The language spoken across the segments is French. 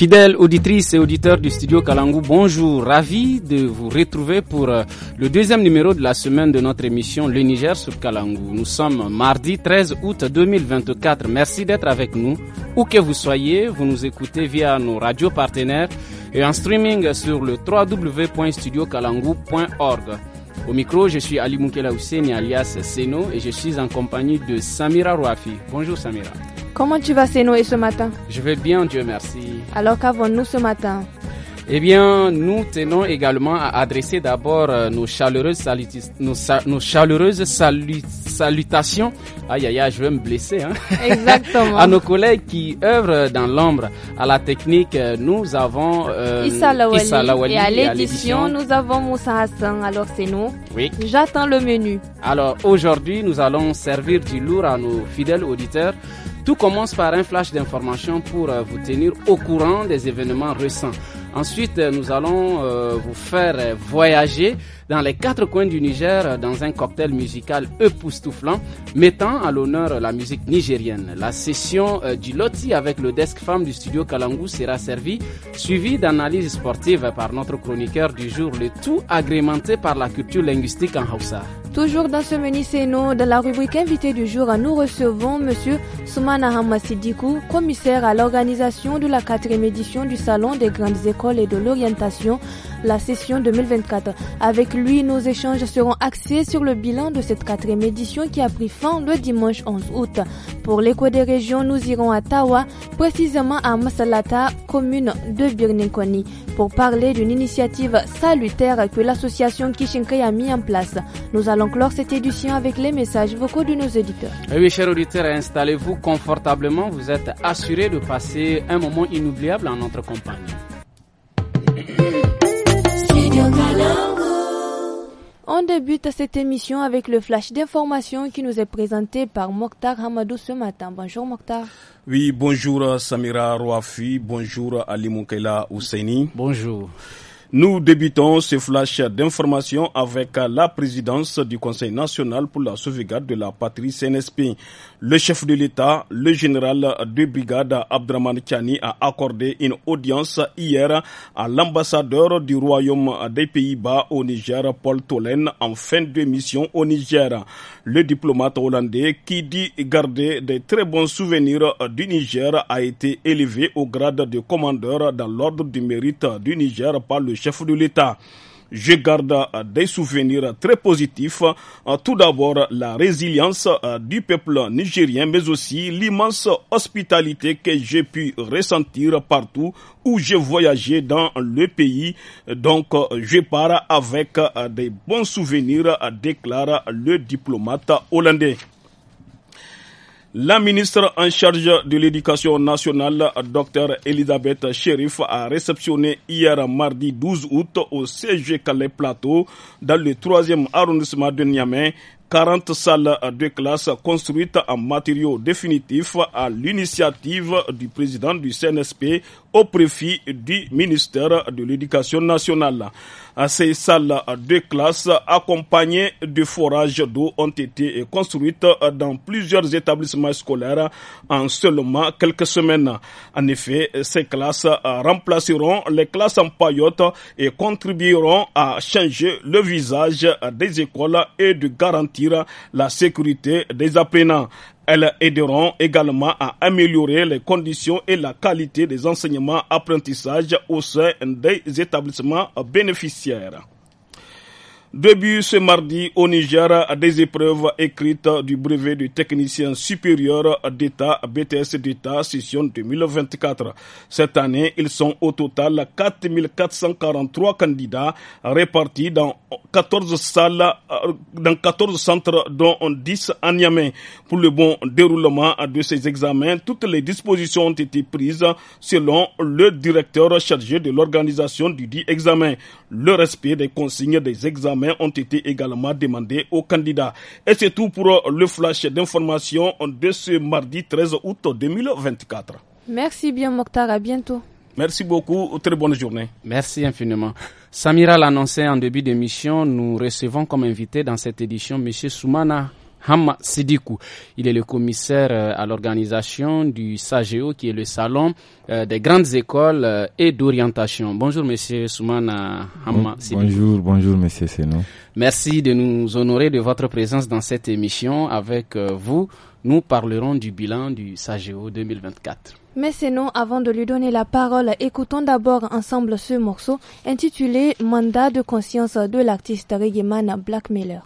Fidèles auditrices et auditeurs du studio Kalangou, bonjour. Ravi de vous retrouver pour euh, le deuxième numéro de la semaine de notre émission Le Niger sur Kalangou. Nous sommes mardi 13 août 2024. Merci d'être avec nous. Où que vous soyez, vous nous écoutez via nos radios partenaires et en streaming sur le www.studiokalangu.org. Au micro, je suis Ali Moukela et alias Seno et je suis en compagnie de Samira Rouafi. Bonjour Samira. Comment tu vas Seno et ce matin Je vais bien, Dieu merci. Alors qu'avons-nous ce matin eh bien, nous tenons également à adresser d'abord euh, nos chaleureuses, salut, nos, chaleureuses salutations. Aïe, aïe, je vais me blesser. Hein. Exactement. à nos collègues qui œuvrent dans l'ombre. À la technique, euh, nous avons euh, Issa, Et à l'édition, nous avons Moussa Hassan. Alors, c'est nous. Oui. J'attends le menu. Alors, aujourd'hui, nous allons servir du lourd à nos fidèles auditeurs. Tout commence par un flash d'information pour vous tenir au courant des événements récents. Ensuite, euh, nous allons euh, vous faire euh, voyager dans les quatre coins du Niger dans un cocktail musical époustouflant mettant à l'honneur la musique nigérienne. La session euh, du loti avec le desk femme du studio Kalangu sera servie, suivie d'analyses sportives par notre chroniqueur du jour, le tout agrémenté par la culture linguistique en Hausa. Toujours dans ce menu nous, dans la rubrique invité du jour, nous recevons M. Soumana Hamassidikou, commissaire à l'organisation de la quatrième édition du Salon des grandes écoles et de l'orientation, la session 2024, avec lui, nos échanges seront axés sur le bilan de cette quatrième édition qui a pris fin le dimanche 11 août. Pour l'écho des régions, nous irons à Tawa, précisément à Masalata, commune de Birninkoni, pour parler d'une initiative salutaire que l'association Kishinkai a mis en place. Nous allons clore cette édition avec les messages vocaux de nos éditeurs. Eh oui, chers auditeurs, installez-vous confortablement. Vous êtes assurés de passer un moment inoubliable en notre compagnie. On débute cette émission avec le flash d'information qui nous est présenté par Mokhtar Hamadou ce matin. Bonjour Mokhtar. Oui, bonjour Samira Rouafi, bonjour Ali Moukela Ousseini. Bonjour. Nous débutons ce flash d'information avec la présidence du Conseil national pour la sauvegarde de la patrie CNSP. Le chef de l'État, le général de brigade Abdraman Chani a accordé une audience hier à l'ambassadeur du Royaume des Pays-Bas au Niger, Paul Tolen, en fin de mission au Niger. Le diplomate hollandais qui dit garder des très bons souvenirs du Niger a été élevé au grade de commandeur dans l'ordre du mérite du Niger par le chef de l'État. Je garde euh, des souvenirs très positifs. Euh, tout d'abord, la résilience euh, du peuple nigérien, mais aussi l'immense hospitalité que j'ai pu ressentir partout où j'ai voyagé dans le pays. Donc, je pars avec des bons souvenirs, déclare le diplomate hollandais. La ministre en charge de l'éducation nationale, Dr Elisabeth Sheriff, a réceptionné hier mardi 12 août au CG Calais Plateau, dans le troisième arrondissement de Niamey, 40 salles de classe construites en matériaux définitifs à l'initiative du président du CNSP, au profit du ministère de l'Éducation nationale. Ces salles de classe accompagnées de forages d'eau ont été construites dans plusieurs établissements scolaires en seulement quelques semaines. En effet, ces classes remplaceront les classes en paillotes et contribueront à changer le visage des écoles et de garantir la sécurité des apprenants. Elles aideront également à améliorer les conditions et la qualité des enseignements apprentissages au sein des établissements bénéficiaires. Début ce mardi au Niger à des épreuves écrites du brevet du technicien supérieur d'État BTS d'État session 2024. Cette année, ils sont au total 4443 candidats répartis dans 14 salles, euh, dans 14 centres dont 10 à Niamey. Pour le bon déroulement de ces examens, toutes les dispositions ont été prises selon le directeur chargé de l'organisation du dit examen. Le respect des consignes des examens ont été également demandés aux candidats. Et c'est tout pour euh, le flash d'information de ce mardi 13 août 2024. Merci bien Mokhtar, à bientôt. Merci beaucoup, très bonne journée. Merci infiniment. Samira l'annonçait en début d'émission, nous recevons comme invité dans cette édition M. Soumana Hamma Sidikou. Il est le commissaire euh, à l'organisation du SAGEO, qui est le salon euh, des grandes écoles euh, et d'orientation. Bonjour, monsieur Soumana Hamma Sidiku. Bonjour, bonjour, monsieur Senon. Merci de nous honorer de votre présence dans cette émission. Avec vous, nous parlerons du bilan du SAGEO 2024. Mais Senon, avant de lui donner la parole, écoutons d'abord ensemble ce morceau intitulé Mandat de conscience de l'artiste Régiman Blackmiller.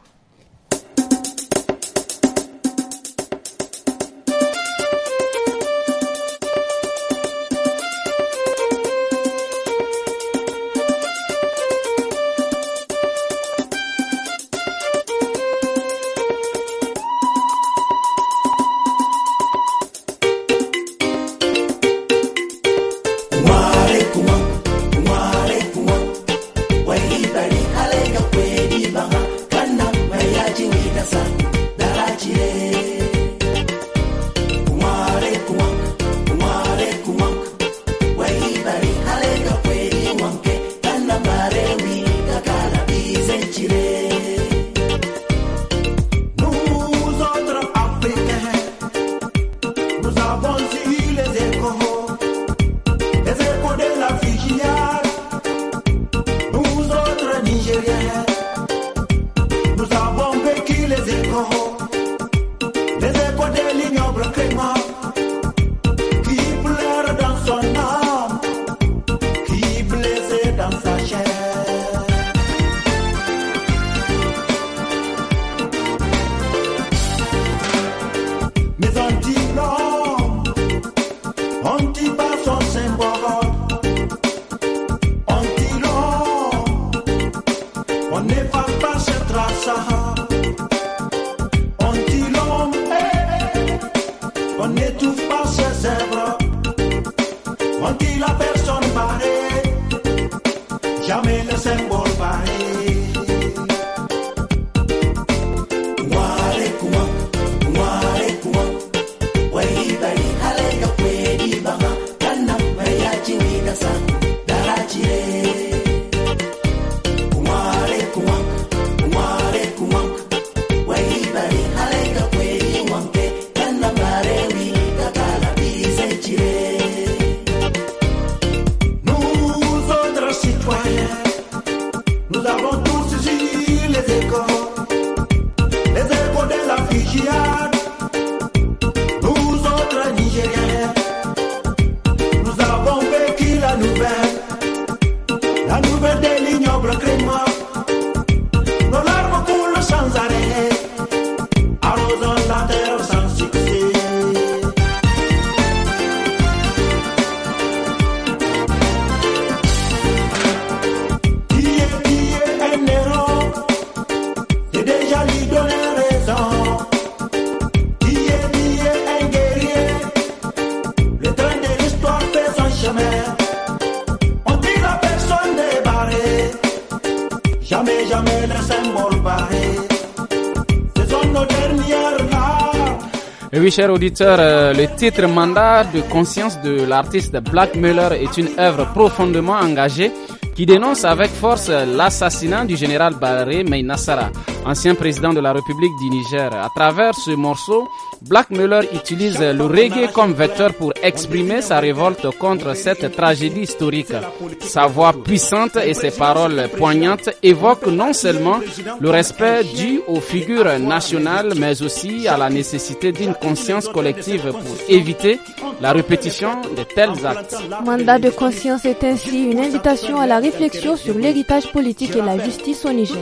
chers auditeurs, euh, le titre Mandat de conscience de l'artiste Black Muller est une œuvre profondément engagée qui dénonce avec force l'assassinat du général Barré Meynassara, ancien président de la République du Niger. À travers ce morceau, Black Miller utilise le reggae comme vecteur pour exprimer sa révolte contre cette tragédie historique. Sa voix puissante et ses paroles poignantes évoquent non seulement le respect dû aux figures nationales, mais aussi à la nécessité d'une conscience collective pour éviter la répétition de tels actes. Mandat de conscience est ainsi une invitation à la réflexion sur l'héritage politique et la justice au Niger.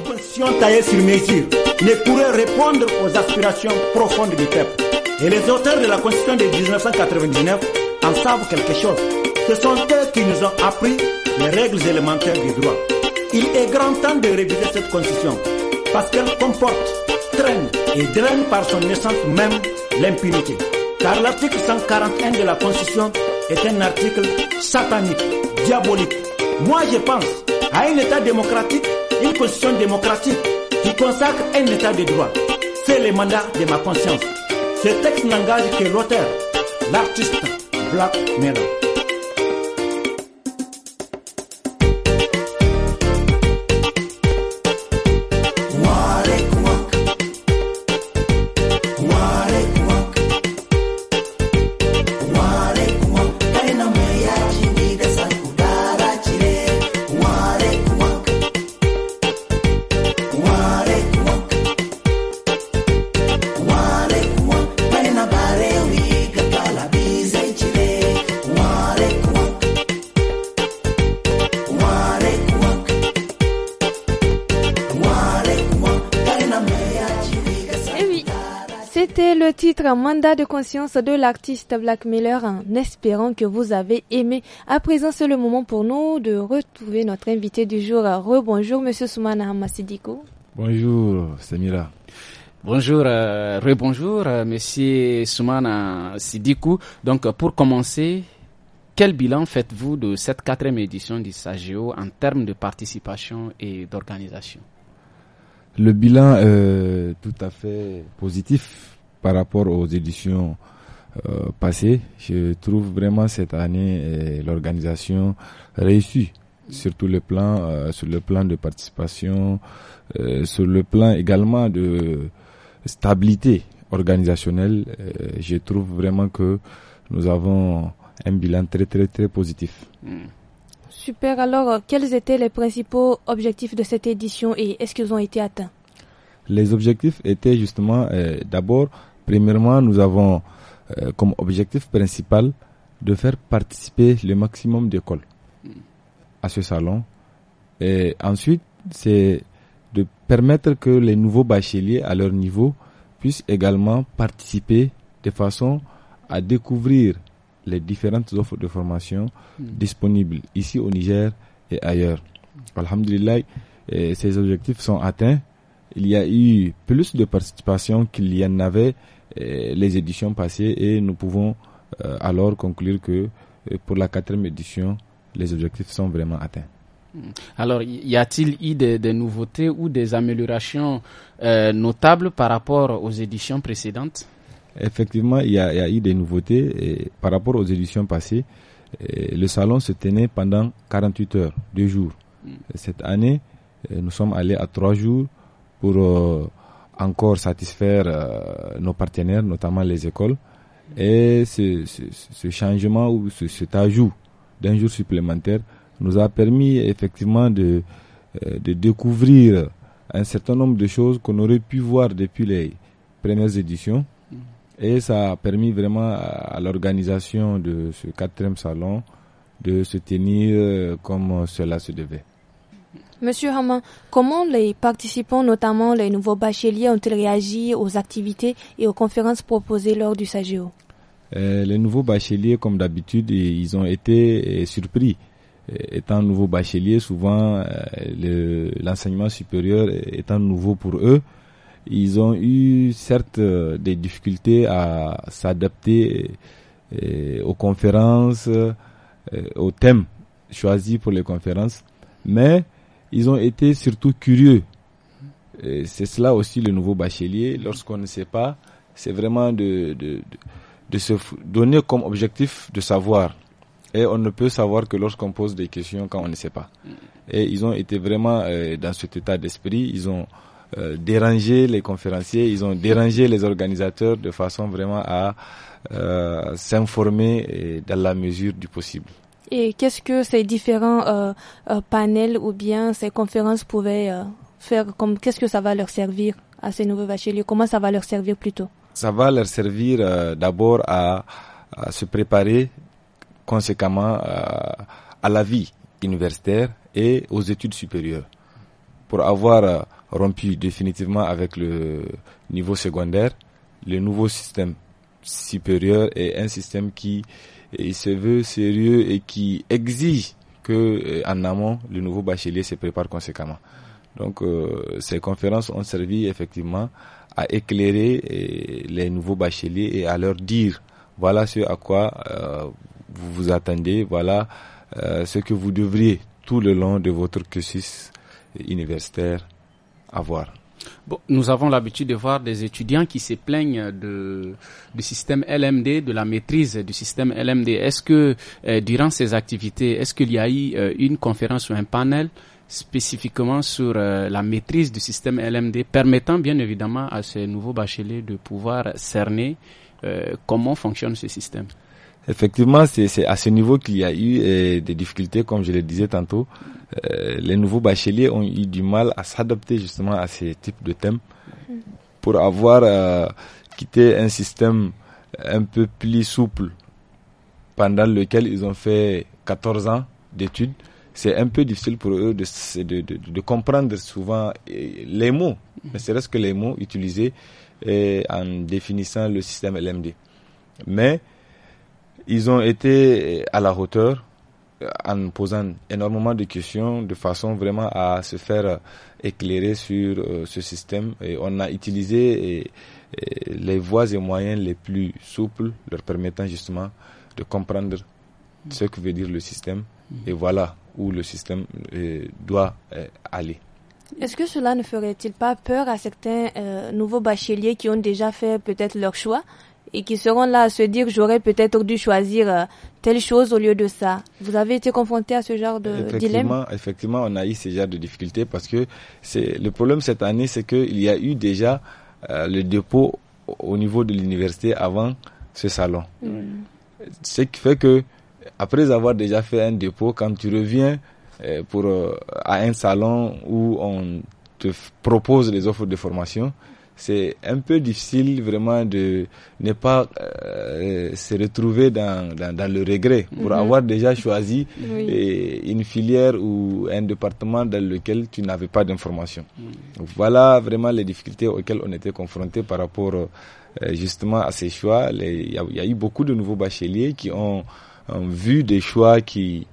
taillée sur mesure ne pourrait répondre aux aspirations profondes du peuple. Et les auteurs de la Constitution de 1999 en savent quelque chose. Ce sont eux qui nous ont appris les règles élémentaires du droit. Il est grand temps de réviser cette Constitution parce qu'elle comporte, traîne et draine par son essence même l'impunité. Car l'article 141 de la Constitution est un article satanique, diabolique. Moi, je pense à un État démocratique, une Constitution démocratique qui consacre un État de droit. C'est le mandat de ma conscience. Ce texte n'engage que l'auteur, l'artiste Black Mirror. un mandat de conscience de l'artiste Black Miller en espérant que vous avez aimé. À présent, c'est le moment pour nous de retrouver notre invité du jour. Rebonjour, monsieur Soumana Hamasidiko. Bonjour, Samira. Bonjour, euh, rebonjour, M. Euh, monsieur Soumana Sidikou. Donc, pour commencer, quel bilan faites-vous de cette quatrième édition du SAGEO en termes de participation et d'organisation Le bilan est tout à fait positif par rapport aux éditions euh, passées. Je trouve vraiment cette année euh, l'organisation réussie surtout le plan euh, sur le plan de participation sur le plan également de stabilité organisationnelle je trouve vraiment que nous avons un bilan très très très positif hmm. super alors quels étaient les principaux objectifs de cette édition et est-ce qu'ils ont été atteints les objectifs étaient justement d'abord Premièrement, nous avons euh, comme objectif principal de faire participer le maximum d'écoles à ce salon. Et ensuite, c'est de permettre que les nouveaux bacheliers à leur niveau puissent également participer de façon à découvrir les différentes offres de formation hmm. disponibles ici au Niger et ailleurs. Alhamdulillah, ces objectifs sont atteints il y a eu plus de participation qu'il y en avait eh, les éditions passées et nous pouvons euh, alors conclure que euh, pour la quatrième édition, les objectifs sont vraiment atteints. Hmm. Alors, y a-t-il eu des, nouveautés ou des améliorations euh, notables par rapport aux éditions précédentes Effectivement, il y, a eu des nouveautés et par rapport aux éditions passées. Eh, le salon se tenait pendant 48 heures, deux jours. Hmm. Cette année, eh, nous sommes allés à trois jours pour euh, encore satisfaire euh, nos partenaires, notamment les écoles. Et ce, changement ou ce, cet ajout d'un jour supplémentaire nous a permis effectivement de, euh, de découvrir un certain nombre de choses qu'on aurait pu voir depuis les premières éditions. Et ça a permis vraiment à l'organisation de ce quatrième salon de se tenir comme cela se devait. Monsieur Haman, comment les participants, notamment les nouveaux bacheliers, ont-ils réagi aux activités et aux conférences proposées lors du SAGEO euh, Les nouveaux bacheliers, comme d'habitude, ils ont été euh, surpris. Euh, étant nouveaux bacheliers, souvent l'enseignement supérieur étant nouveau pour eux, ils ont eu certes des difficultés à s'adapter aux conférences, aux thèmes choisis pour les conférences, mais ils ont été surtout curieux. C'est cela aussi le nouveau bachelier. Lorsqu'on ne sait pas, c'est vraiment de, de, se donner comme objectif de savoir. Et on ne peut savoir que lorsqu'on pose des questions quand on ne sait pas. Et ils ont été vraiment euh, dans cet état d'esprit. Ils ont euh, dérangé les conférenciers, ils ont dérangé les organisateurs de façon vraiment à euh, s'informer dans la mesure du possible. Et qu'est-ce que ces différents euh, euh, panels ou bien ces conférences pouvaient euh, faire comme qu'est-ce que ça va leur servir à ces nouveaux bacheliers Comment ça va leur servir plutôt Ça va leur servir euh, d'abord à, à, se préparer conséquemment à la vie universitaire et aux études supérieures pour avoir rompu définitivement avec le niveau secondaire, le nouveau système supérieur est un système qui et se veut sérieux et qui exige que euh, en amont le nouveau bachelier se prépare conséquemment. Donc euh, ces conférences ont servi effectivement à éclairer euh, les nouveaux bacheliers et à leur dire voilà ce à quoi vous vous attendez, voilà ce que vous devriez tout le long de votre cursus universitaire avoir. Bon, nous avons l'habitude de voir des étudiants qui se plaignent de, du système LMD, de la maîtrise du système LMD. Est-ce que euh, durant ces activités, est-ce qu'il y a eu euh, une conférence ou un panel spécifiquement sur euh, la maîtrise du système LMD, permettant bien évidemment à ces nouveaux bacheliers de pouvoir cerner comment fonctionne ce système Effectivement, c'est à ce niveau qu'il y a eu euh, des difficultés, comme je le disais tantôt. Euh, les nouveaux bacheliers ont eu du mal à s'adapter justement à ces types de thèmes pour avoir euh, quitté un système un peu plus souple pendant lequel ils ont fait 14 ans d'études. C'est un peu difficile pour eux de, de, de, comprendre souvent les mots, mais serait-ce que les mots utilisés en définissant le système LMD. Mais ils ont été à la hauteur euh, en posant énormément de questions de façon vraiment à se faire euh, éclairer sur euh, ce système. Et on a utilisé les voies et moyens les plus souples, leur permettant justement de comprendre mm. ce que veut dire le système. Mm. Et voilà où le système doit aller. Est-ce que cela ne ferait-il pas peur à certains nouveaux bacheliers qui ont déjà fait peut-être leur choix et qui seront là à se dire j'aurais peut-être dû choisir euh, telle chose au lieu de ça. Vous avez été confronté à ce genre de dilemme Effectivement, on a eu ce genre de difficultés parce que c'est le problème cette année, c'est qu'il y a eu déjà euh, le dépôt au niveau de l'université avant ce salon. Ce qui fait que après avoir déjà fait un dépôt, quand tu reviens euh, pour à un salon où on te propose les offres de formation, c'est un peu difficile vraiment de ne pas euh, se retrouver dans, dans, dans le regret pour mhm. avoir déjà choisi une filière ou un département dans lequel tu n'avais pas d'information. Mhm. Voilà vraiment les difficultés auxquelles on était confrontés par rapport euh, justement à ces choix. Il y, a eu beaucoup de nouveaux bacheliers qui ont, vu des choix qui,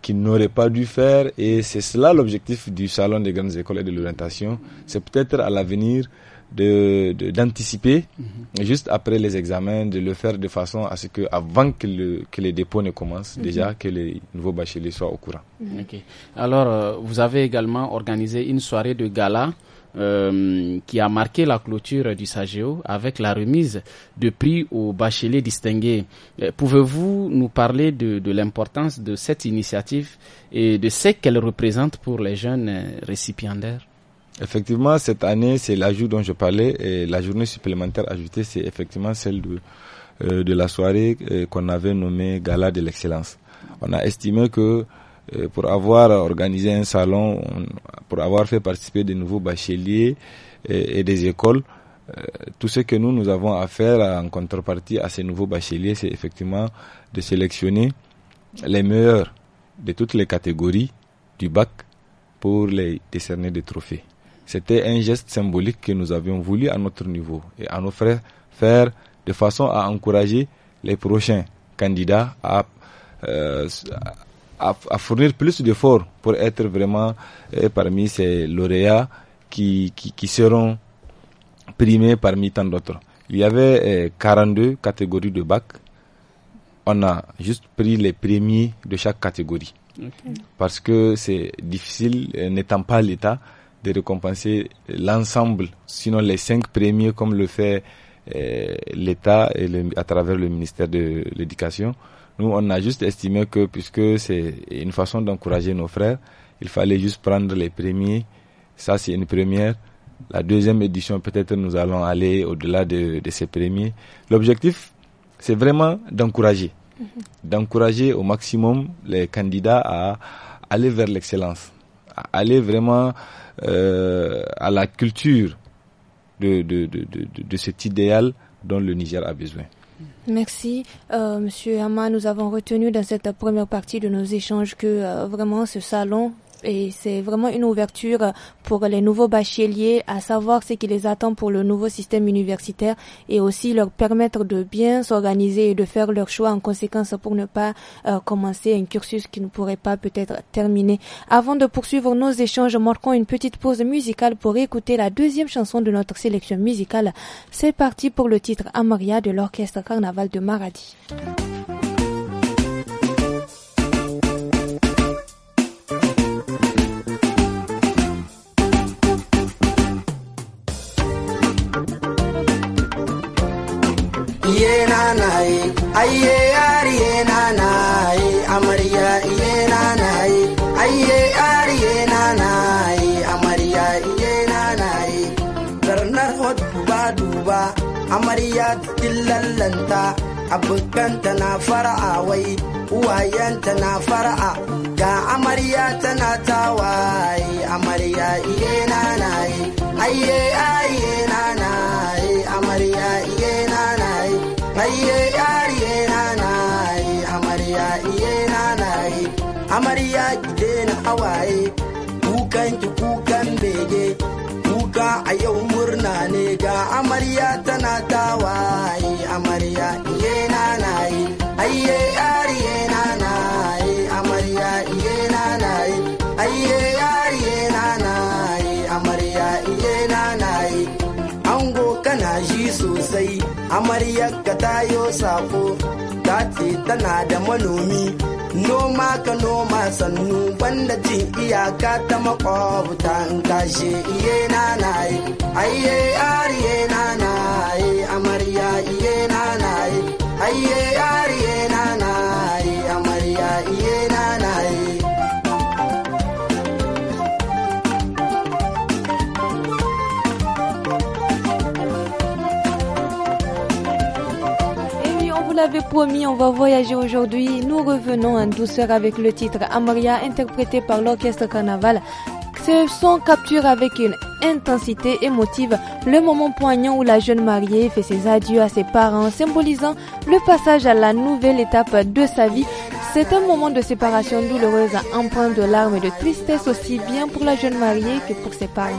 qui n'auraient pas dû faire. Et c'est cela l'objectif du Salon des grandes écoles et de l'orientation. C'est peut-être à l'avenir de d'anticiper mhm. juste après les examens, de le faire de façon à ce que avant que, le, que les dépôts ne commencent, mhm. déjà que les nouveaux bacheliers soient au courant. Mhm. Alors, euh, vous avez également organisé une soirée de gala. Euh, qui a marqué la clôture du SAGEO avec la remise de prix aux bacheliers distingués. Euh, pouvez-vous nous parler de, de l'importance de cette initiative et de ce qu'elle représente pour les jeunes euh, récipiendaires Effectivement, cette année, c'est l'ajout dont je parlais. Et la journée supplémentaire ajoutée, c'est effectivement celle de, euh, de la soirée euh, qu'on avait nommée Gala de l'excellence. On a estimé que euh, pour avoir organisé un salon, pour avoir fait participer de nouveaux bacheliers et, et des écoles, tout ce que nous, nous avons à faire en contrepartie à ces nouveaux bacheliers, c'est effectivement de sélectionner les meilleurs de toutes les catégories du bac pour les décerner des trophées. C'était un geste symbolique que nous avions voulu à notre niveau et à nos frères faire de façon à encourager les prochains candidats à, euh, à, fournir plus d'efforts pour être vraiment euh, parmi ces lauréats qui, qui, seront primés parmi tant d'autres. Il y avait 42 euh, catégories de bac. On a juste pris les premiers de chaque catégorie. Parce que c'est difficile, n'étant pas l'État, de récompenser l'ensemble, sinon les cinq premiers comme le fait euh, l'État et à travers le ministère de l'Éducation. Nous, on a juste estimé que puisque c'est une façon d'encourager nos frères, il fallait juste prendre les premiers. Ça, c'est une première. La deuxième édition, peut-être nous allons aller au-delà de, ces premiers. L'objectif, c'est vraiment d'encourager. Mm-hmm. D'encourager au maximum les candidats à aller vers l'excellence aller vraiment euh, à la culture de, de, de, de, cet idéal dont le Niger a besoin. Merci, euh, Monsieur Hama. Nous avons retenu dans cette première partie de nos échanges que euh, vraiment ce salon et c'est vraiment une ouverture pour les nouveaux bacheliers à savoir ce qui les attend pour le nouveau système universitaire et aussi leur permettre de bien s'organiser et de faire leurs choix en conséquence pour ne pas euh, commencer un cursus qui ne pourrait pas peut-être terminer. Avant de poursuivre nos échanges, marquons une petite pause musicale pour écouter la deuxième chanson de notre sélection musicale. C'est parti pour le titre Amaria de l'orchestre Carnaval de Maradi. iye nanaye aiye yari ye nanaye amarya iye nanaye aiye yari ye nanaye amarya iye nanaye zarnar hot duba duba amarya cikin lallanta abokanta na fara'a wai uwayenta na fara'a ga amarya tana tawaye amarya iye nanaye aiye na nanaye iye yari na nanaye amarya iye nanaye amarya ki daina hawaye kukan ki kukan bege kuka a yau murna ne ga amarya tana tawaye amarya iye nanaye aiye yari na nanaye amarya iye nanaye aiye yari na nanaye amarya iye nanaye ango kana ji sosai amaryar ka tayo sako ta ce tana da manomi noma ka noma sannu banda cin iyaka ta makwabta in kashe iye na na yi aiye ariye na na yi amarya iye na na yi aiye ariye na na l'avez promis, on va voyager aujourd'hui. Nous revenons en douceur avec le titre Amaria interprété par l'orchestre carnaval. Ce son capture avec une intensité émotive le moment poignant où la jeune mariée fait ses adieux à ses parents, symbolisant le passage à la nouvelle étape de sa vie. C'est un moment de séparation douloureuse à empreinte de larmes et de tristesse aussi bien pour la jeune mariée que pour ses parents.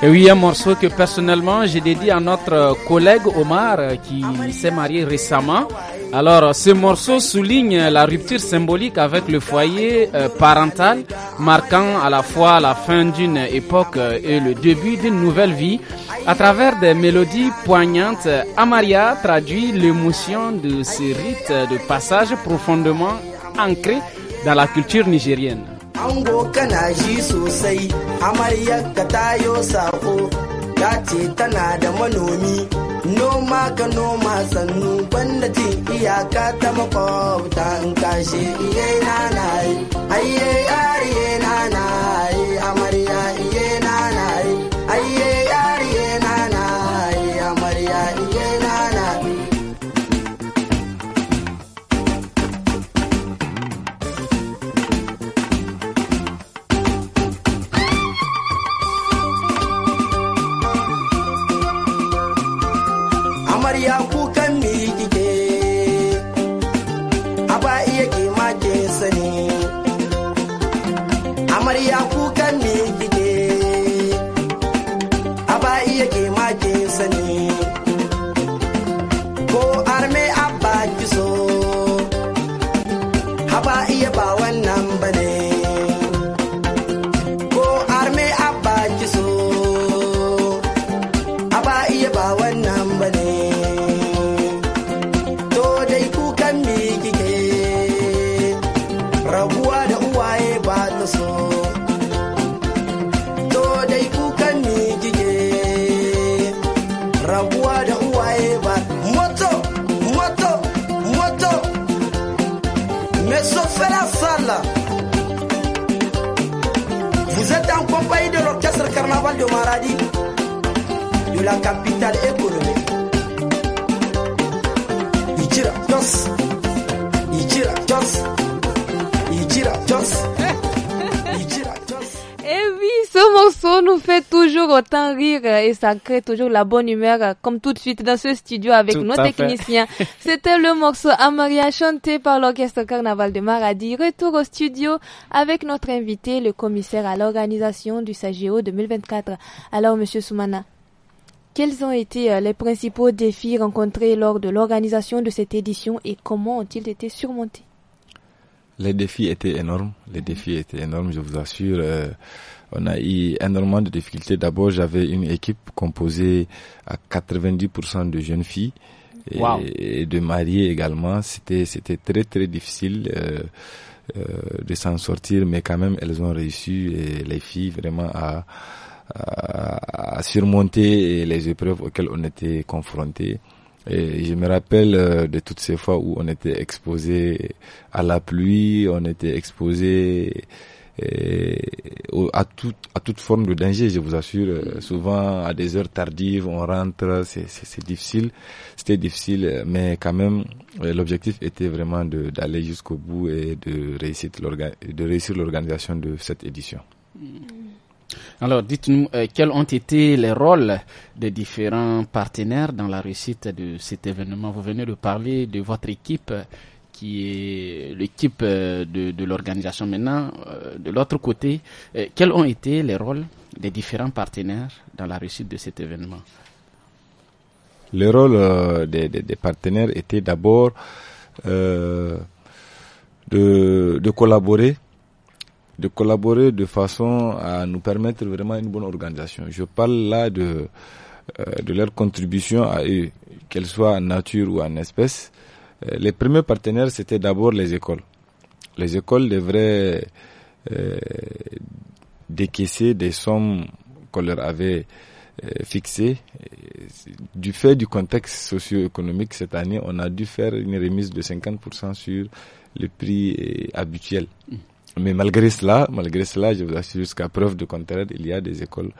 Et oui, un morceau que personnellement j'ai dédié à notre collègue Omar qui s'est marié récemment. Alors, ce morceau souligne la rupture symbolique avec le foyer euh, parental, marquant à la fois la fin d'une époque euh, et le début d'une nouvelle vie. À travers des mélodies poignantes, Amaria traduit l'émotion de ce rite de passage profondément ancré dans la culture nigérienne. iyaka ta makwabta in kashe iye na na yi, aiye yariye na na ça crée toujours la bonne humeur, euh, comme tout de suite dans ce studio avec nos techniciens. C'était le morceau Amaria chanté par l'orchestre Carnaval de Maradi. Retour au studio avec notre invité, le commissaire à l'organisation du SAGEO 2024. Alors, monsieur Soumana, quels ont été euh, les principaux défis rencontrés lors de l'organisation de cette édition et comment ont-ils été surmontés Les défis étaient énormes. Les défis étaient énormes, je vous assure. Euh, on a eu énormément de difficultés. D'abord, j'avais une équipe composée à 90% de jeunes filles. Et, de mariés également, c'était c'était très très difficile. Euh, euh, de s'en sortir, mais quand même elles ont réussi et les filles vraiment à, à, surmonter les épreuves auxquelles on était confrontés. Et je me rappelle euh, de toutes ces fois où on était exposé à la pluie, on était exposé à, toute à toute forme de danger, je vous assure. Euh, mm. Souvent, à des heures tardives, on rentre, c'est difficile. C'était difficile, mais quand même, euh, l'objectif était vraiment d'aller jusqu'au bout et de réussir l'organisation de cette édition. Mm. Alors, dites-nous, euh, quels ont été les rôles des différents partenaires dans la réussite de cet événement Vous venez de parler de votre équipe qui est l'équipe euh, de, l'organisation maintenant, euh, de l'autre côté, euh, quels ont été les rôles des différents partenaires dans la réussite de cet événement Le rôle des, partenaires était d'abord de, collaborer de collaborer de façon à nous permettre vraiment une bonne organisation. Je parle là de, de leur contribution à eux, qu'elle soit en nature ou en espèce. Euh, les premiers partenaires, c'était d'abord les écoles. Les écoles devraient euh, décaisser des sommes qu'on leur avait euh, fixées. Du fait du contexte socio-économique cette année, on a dû faire une remise de 50% sur le prix habituel. Mm. Mais malgré cela, malgré cela, je vous assure jusqu'à preuve de contraire, il y a des écoles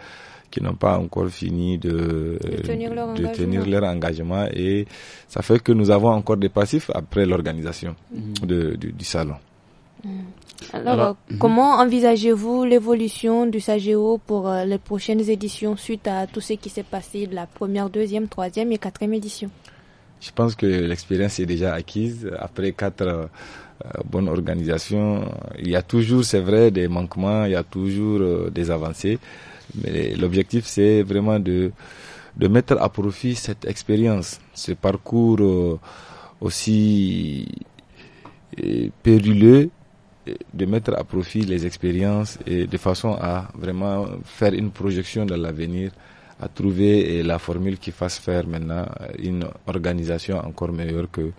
qui n'ont pas encore fini de, euh, tenir, leur, engagement. Et ça fait que nous avons encore des passifs après l'organisation mm. du, salon. Mm. Alors, mm-hmm. comment envisagez-vous l'évolution du SAGEO pour euh, les prochaines éditions suite à tout ce qui s'est passé de la première, deuxième, troisième et quatrième édition Je pense que l'expérience est déjà acquise. Après quatre euh, bonnes organisations, il y a toujours, c'est vrai, des manquements, il y a toujours des avancées. Mais l'objectif, c'est vraiment de, de mettre à profit cette expérience, ce parcours euh, aussi euh, périlleux, euh, de mettre à profit les expériences et de façon à vraiment faire une projection dans l'avenir, à trouver la formule qui fasse faire maintenant une organisation encore meilleure que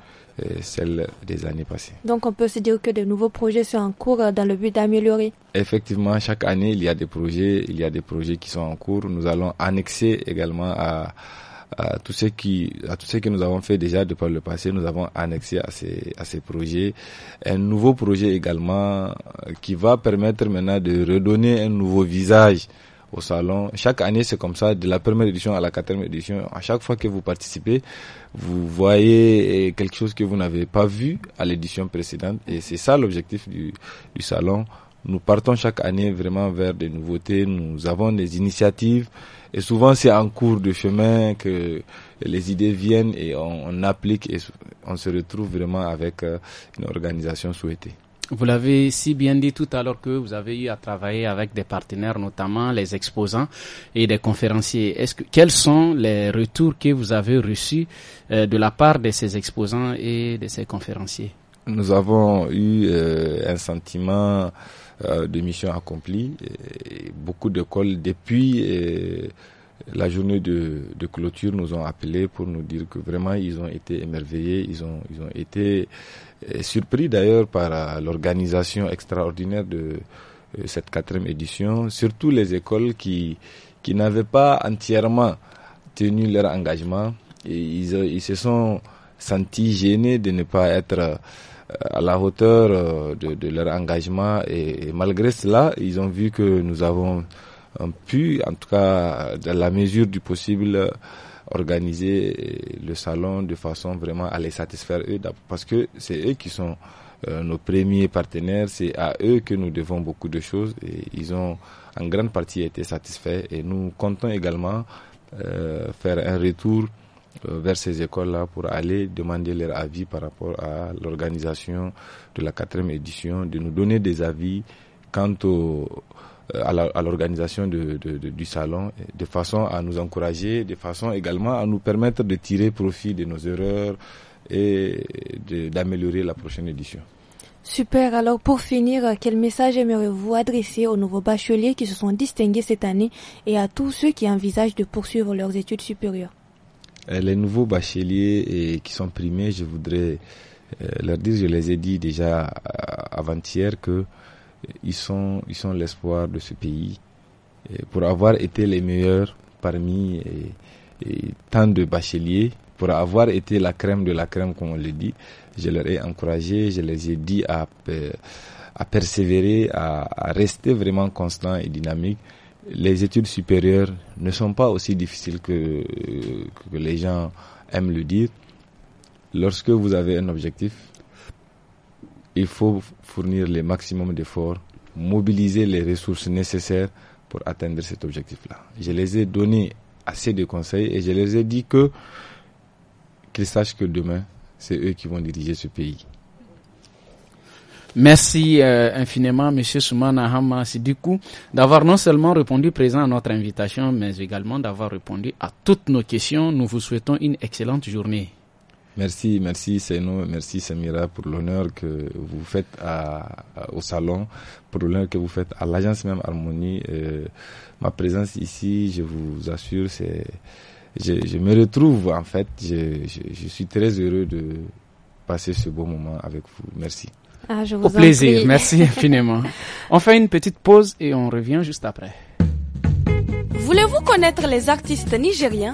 celle des années passées. Donc on peut se dire que de nouveaux projets sont en cours euh, dans le but d'améliorer Effectivement, chaque année, il y a des projets, il y a des projets qui sont en cours. Nous allons annexer également à, à tout ce qui à tout ce que nous avons fait déjà par le passé nous avons annexé à ces à ces projets un nouveau projet également euh, qui va permettre maintenant de redonner un nouveau visage au salon chaque année c'est comme ça de la première édition à la quatrième édition à chaque fois que vous participez vous voyez quelque chose que vous n'avez pas vu à l'édition précédente. Et c'est ça l'objectif du, salon. Nous partons chaque année vraiment vers des nouveautés. Nous avons des initiatives. Et souvent, c'est en cours de chemin que les idées viennent et on applique et on se retrouve vraiment avec euh, une organisation souhaitée. Vous l'avez si bien dit tout à l'heure que vous avez eu à travailler avec des partenaires, notamment les exposants et des conférenciers. Est-ce que, quels sont les retours que vous avez reçus euh, de la part de ces exposants et de ces conférenciers Nous avons eu euh, un sentiment euh, de mission accomplie. Et beaucoup d'écoles, depuis la journée de, de, clôture nous ont appelés pour nous dire que vraiment ils ont été émerveillés, ils ont, ils ont été euh, surpris d'ailleurs par euh, l'organisation extraordinaire de euh, cette quatrième édition, surtout les écoles qui, qui n'avaient pas entièrement tenu leur engagement. Et ils, ils se sont sentis gênés de ne pas être à la hauteur de, de leur engagement et malgré cela, ils ont vu que nous avons ont pu, en tout cas dans la mesure du possible, organiser le salon de façon vraiment à les satisfaire eux, parce que c'est eux qui sont euh, nos premiers partenaires, c'est à eux que nous devons beaucoup de choses et ils ont en grande partie été satisfaits et nous comptons également euh, faire un retour euh, vers ces écoles-là pour aller demander leur avis par rapport à l'organisation de la quatrième édition, de nous donner des avis quant aux euh, à l'organisation du salon, de façon à nous encourager, de façon également à nous permettre de tirer profit de nos erreurs et d'améliorer la prochaine édition. Super. Alors pour finir, quel message aimeriez-vous adresser aux nouveaux bacheliers qui se sont distingués cette année et à tous ceux qui envisagent de poursuivre leurs études supérieures euh, Les nouveaux bacheliers qui sont primés, je voudrais euh, leur dire, je les ai dit déjà avant-hier que ils sont, ils sont l'espoir de ce pays. Et pour avoir été les meilleurs parmi et, tant de bacheliers, pour avoir été la crème de la crème, comme on le dit, je leur ai encouragé, je les ai dit à, persévérer, à, à rester vraiment constant et dynamique les études supérieures ne sont pas aussi difficiles que, que, les gens aiment le dire. Lorsque vous avez un objectif, il faut fournir le maximum d'efforts, mobiliser les ressources nécessaires pour atteindre cet objectif-là. Je les ai donné assez de conseils et je les ai dit que qu'ils sachent que demain, c'est eux qui vont diriger ce pays. Merci euh, infiniment, M. Soumana Hamma Sidikou, d'avoir non seulement répondu présent à notre invitation, mais également d'avoir répondu à toutes nos questions. Nous vous souhaitons une excellente journée. Merci, merci Seno, merci Samira pour l'honneur que vous faites au salon, pour l'honneur que vous faites à l'agence même Harmonie. Euh, ma présence ici, je vous assure, c'est, je, me retrouve en fait. Je, suis très heureux de passer ce beau moment avec vous. Merci. Ah, je vous plaisir, merci infiniment. on fait une petite pause et on revient juste après. Voulez-vous connaître les artistes nigériens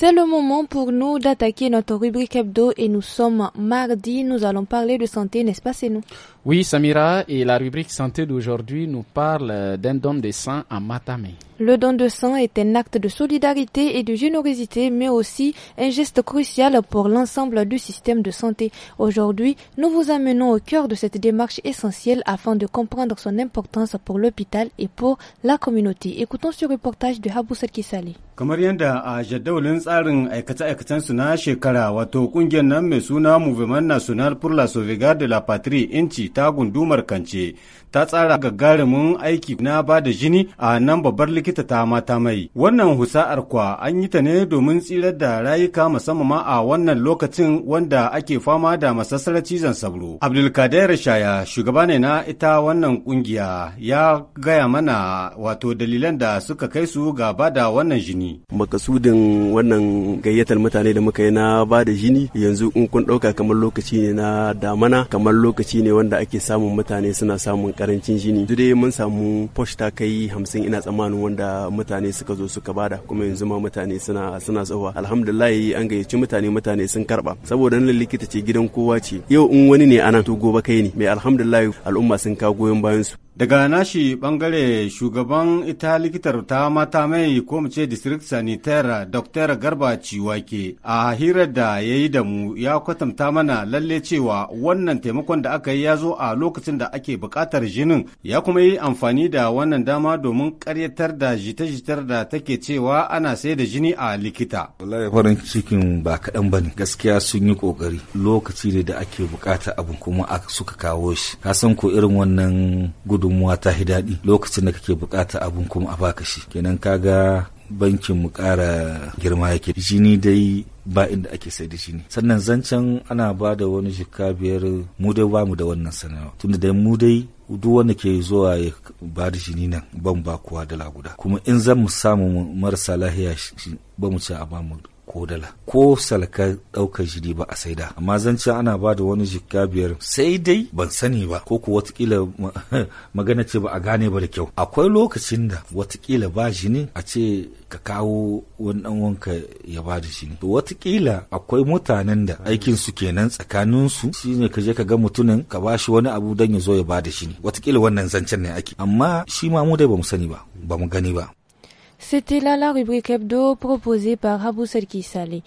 C'est le moment pour nous d'attaquer notre rubrique hebdo et nous sommes mardi. Nous allons parler de santé, n'est-ce pas, c'est nous Oui, Samira, et la rubrique santé d'aujourd'hui nous parle d'un don de sang à Matamé. Le don de sang est un acte de solidarité et de générosité, mais aussi un geste crucial pour l'ensemble du système de santé. Aujourd'hui, nous vous amenons au cœur de cette démarche essentielle afin de comprendre son importance pour l'hôpital et pour la communauté. Écoutons ce reportage de Habou Kisali. kamar yadda a jadawalin tsarin aikace-aikacensu na shekara wato kungiyar nan mai suna movement national pour la sauvegarde de la patrie inci ta gundumar kance ta tsara gagarumin aiki na ba da jini a nan babbar likita ta mata mai. Wannan husa'ar kwa an yi ta ne domin tsirar da rayuka musamman a wannan lokacin wanda ake fama da masassarar cizon sabro. Abdulkadir Shaya shugaba ne na ita wannan kungiya ya gaya mana wato dalilan da suka kai su ga ba da wannan jini. Makasudin wannan gayyatar mutane da muka yi na bada jini yanzu in kun ɗauka kamar lokaci ne na damana kamar lokaci ne wanda ake samun mutane suna samun karancin jini duk dai mun samu posh ta kai hamsin ina tsammanin wanda mutane suka zo suka bada kuma yanzu ma mutane suna suna tsawa alhamdulillah an gayyaci mutane mutane sun karba saboda nan likita ce gidan kowa ce yau in wani ne anan to gobe kai ne mai alhamdulillah al'umma sun ka goyon bayan su daga nashi bangare shugaban ita likitar ta mata mai ko mu ce district sanitaire dr garba ciwake a hirar da ya yi da mu ya kwatanta mana lalle cewa wannan taimakon da aka yi ya zo a lokacin da ake bukatar jinin ya kuma yi amfani da wannan dama domin karyatar da jita-jitar da take cewa ana sai da jini a likita. Wallahi farin cikin ba kaɗan ba ne gaskiya sun yi ƙoƙari lokaci ne da ake buƙata abin kuma suka kawo shi. Ka san ko irin wannan gudunmuwa ta daɗi lokacin da kake buƙata abin kuma a baka shi. Kenan kaga bankin mu ƙara girma yake jini dai ba inda ake sai da jini sannan zancen ana ba da wani jika biyar mu dai ba mu da wannan sanarwa tunda dai mu dai duk wanda ke zuwa ya ba da jini nan ban ba kowa da laguda kuma in zan mu samu marasa lahiya ba mu ce a bamu ko dala ko salaka ɗaukar jini ba a saida amma zance ana ba da wani jikka biyar sai dai ban sani ba ko ko watakila magana ce ba a gane ba da kyau akwai lokacin da watakila ba jini a ce ka kawo wani dan wanka ya ba da jini to watakila akwai mutanen da aikin su kenan tsakanin su shine ka je ka ga mutumin ka ba shi wani abu dan ya zo ya ba da jini watakila wannan zancen ne ake amma shi ma mu dai bamu sani ba ba gani ba C'était là la rubrique hebdo proposée par Abou Serki Saleh.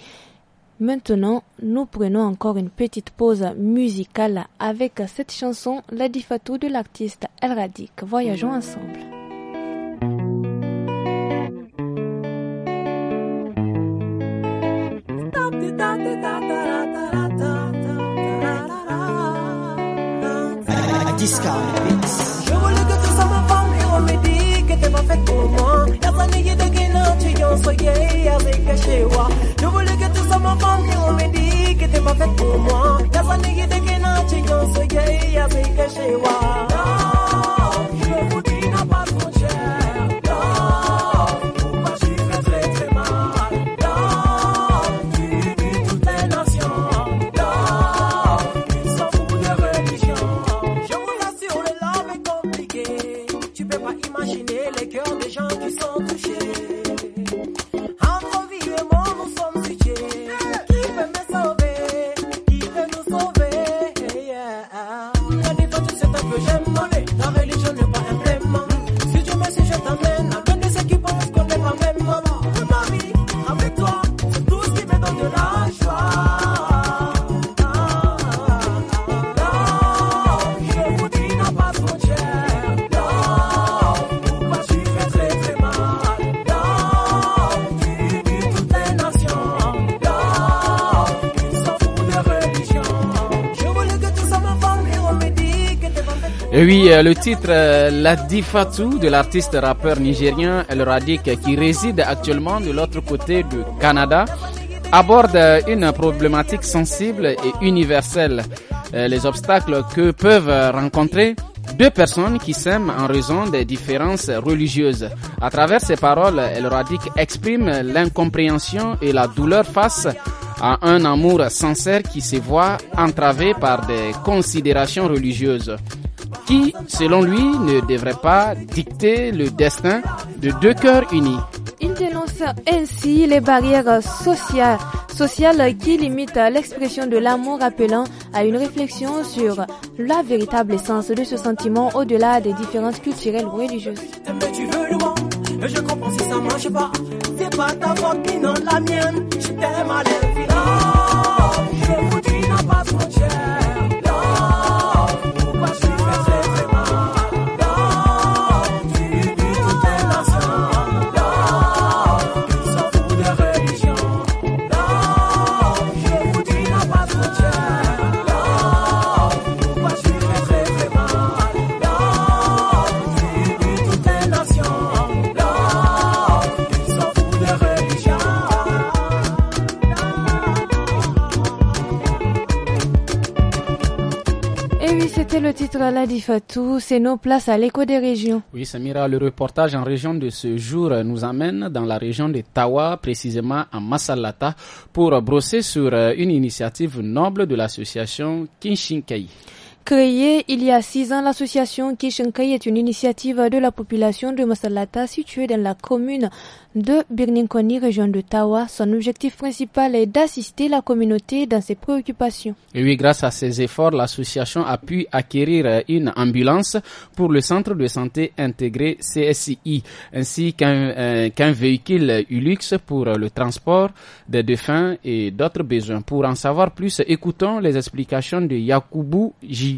Maintenant, nous prenons encore une petite pause musicale avec cette chanson, la d'Ifatou, de l'artiste El Radik. Voyageons ensemble. Je soyez avec que tout ça on que tu m'as fait pour moi. oui, euh, le titre euh, La Difatou de l'artiste rappeur nigérien El euh, Radik qui réside actuellement de l'autre côté du Canada aborde une problématique sensible et universelle, les obstacles que peuvent rencontrer deux personnes qui s'aiment en raison des différences religieuses. À travers ses paroles, El Radik exprime l'incompréhension et la douleur face à un amour sincère qui se voit entravé par des considérations religieuses qui, selon lui, ne devrait pas dicter le destin de deux cœurs unis. Il dénonce ainsi les barrières sociales, sociales qui limitent l'expression de l'amour appelant à une réflexion sur la véritable essence de ce sentiment au-delà des différences culturelles ou religieuses. C'était le titre à Fatou, c'est nos places à l'écho des régions. Oui, Samira, le reportage en région de ce jour nous amène dans la région de Tawa, précisément à Massalata, pour brosser sur euh, une initiative noble de l'association Kinshinkai. Créée il y a six ans, l'association Kishinkai est une initiative de la population de Masalata située dans la commune de Birninkoni, région de Tawa. Son objectif principal est d'assister la communauté dans ses préoccupations. Et oui, grâce à ses efforts, l'association a pu acquérir une ambulance pour le centre de santé intégré CSI, ainsi euh, qu'un véhicule Ulux pour le transport des défunts et d'autres besoins. Pour en savoir plus, écoutons les explications de Yakubu J.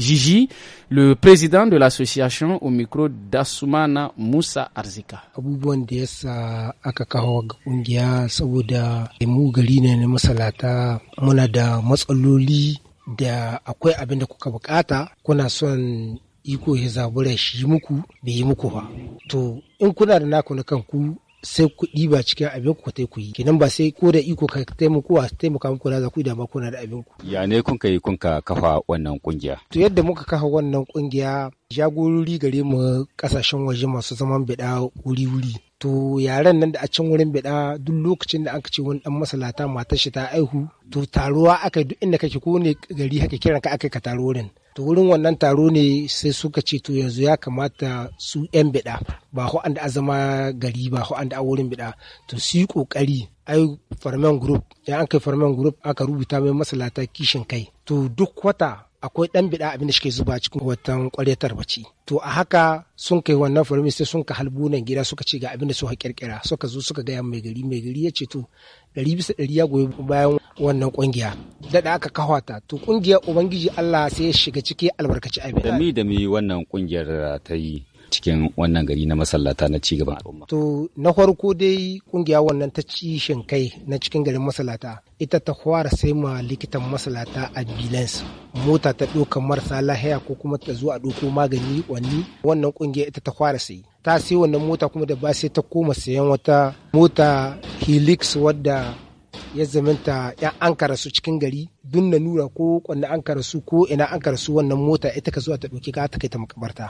gigi le président de l'association au micro Dasumana Musa Arzika. Abubuwan da yasa aka kawo ga kungiya saboda mu gari ne na masalata muna da matsaloli da akwai abin da kuka bukata kuna son iko ya zabura shi muku bai yi muku ba. To in kuna da naku na kanku sai kuɗi ba cikin abin ku tai ku yi kenan ba sai ko da iko ka taimako a taimaka muku na za ku da ma kuna da abin ku ya ne kun kai kun ka kafa wannan kungiya to yadda muka kafa wannan kungiya jagorori gare mu kasashen waje masu zaman bida wuri wuri to yaran nan da a can wurin bida duk lokacin da aka ce wani dan masalata matar shi ta aihu to taruwa aka duk inda kake ko ne gari haka kiran ka aka ka taro wurin to wurin wannan taro ne sai suka ce to yanzu ya kamata su 'yan bida ba da azama gari ba da a wurin bida to su yi kokari ai farmen group ya an kai farmen group aka rubuta mai masalata kishin kai to duk wata akwai ɗan biɗa abin da suke zuba cikin watan ƙwaryatar bace to a haka sun kai wannan farmis sai sun ka halbunan gida suka ce ga abin da suka kirkira suka zo suka gaya mai gari mai gari ya ce to ɗari bisa ɗari ya goyi bayan wannan ƙungiya daɗa aka ta to ƙungiyar ubangiji Allah sai ya shiga ciki albarkaci abin da dami wannan ƙungiyar ta yi cikin wannan gari na masallata na cigaban al'umma. To na farko dai kungiya wannan ta shin kai na cikin garin masallata ita ta fara sai ma likitan masallata a ambulance mota ta ɗauka marasa lahiya ko kuma ta zo a ɗauko magani wani wannan kungiya ita ta fara sai. Ta sai wannan mota kuma da ba sai ta koma sayan wata mota helix wadda ya zamanta yan an karasu cikin gari dun na nura ko kwanne an karasu ko ina an karasu wannan mota ita ka zuwa ta ɗauki ka ta kai ta makabarta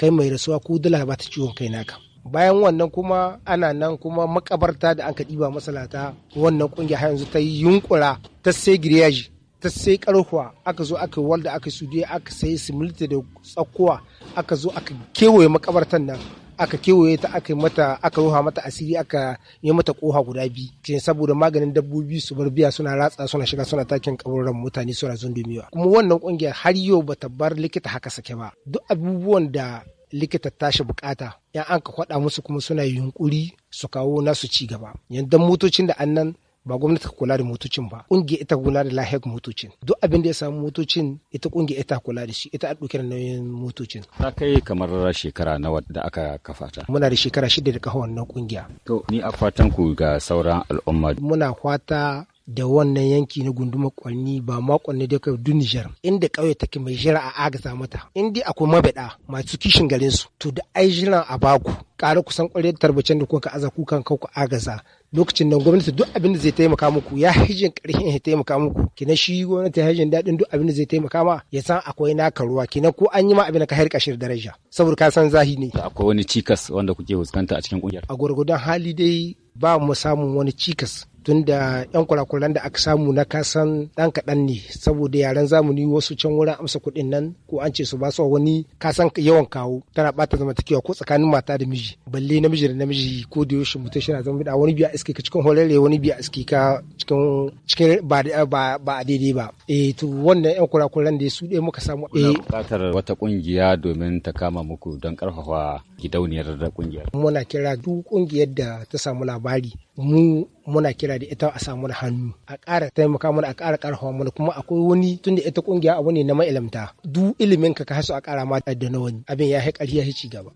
kai mai rasuwa ko dala ba ta ciwon kai naka bayan wannan kuma ana nan kuma makabarta da an ka ɗiba masalata wannan kungiya har yanzu ta yi yunkura ta sai giriyaji ta sai karhuwa aka zo aka walda aka sudiya aka sai similta da tsakkuwa aka zo aka kewaye makabartan nan aka kewaye ta aka mata aka ruha mata asiri aka yi mata koha guda biyu ke saboda maganin dabbobi su bar biya suna ratsa suna shiga suna takin kaburan mutane suna zundumewa kuma wannan kungiyar har yau ba ta bar likita haka sake ba duk abubuwan da likita tashi bukata yan an ka faɗa musu kuma suna yunkuri su kawo nasu ci gaba yanzu motocin da annan ba gwamnati ka kula da motocin ba ƙungiya ita kula da lahiyar motocin duk abin da ya samu motocin ita ƙungiya ita kula da shi ita a ɗauke da nauyin motocin ta kai kamar shekara nawa da aka kafa ta muna da shekara shida da kafa wannan ƙungiya to ni a fatan ku ga sauran al'umma muna fata da wannan yanki na gunduma kwanni ba ma kwanni da kai duk Nijar inda kauye take mai jira a agaza mata indai akwai mabada masu kishin garin su to da ai jira a baku ƙara kusan kwarai tarbacin da kuka aza kukan kanku agaza lokacin nan gwamnati duk abin da zai taimaka muku ya hijin ƙarfin ya taimaka muku kina shi gwamnati hijin daɗin duk abin da zai taimaka ma ya san akwai naka ruwa kina ko an yi ma abin da ka harka shir daraja saboda ka san zahi ne akwai wani cikas wanda kuke fuskanta a cikin kungiyar a gwargwadon hali dai ba mu samun wani cikas tunda yan kurakuran da aka samu na kasan dan kaɗan ne saboda yaren zamani wasu can wurin amsa kuɗin nan ko an ce su ba su wani kasan yawan kawo tana ɓata zamantakewa ko tsakanin mata da miji balle namiji da namiji ko da yaushe mutum shi na zama da wani biya iske ka cikin holare wani biya iske ka cikin cikin ba a daidai ba eh to wannan yan kurakuran da su ɗaya muka samu eh buƙatar wata ƙungiya domin ta kama muku don ƙarfafa gidauniyar da ƙungiyar muna kira duk ƙungiyar da ta samu labari mu muna kira da ita a sa mana hannu a ƙara taimaka mana a ƙara ƙarfafa mana kuma akwai wani tun da ita kungiya abu ne na ma'ilamta duk ilimin ka ka haso a ƙara ma da na wani abin ya haƙa ya ci gaba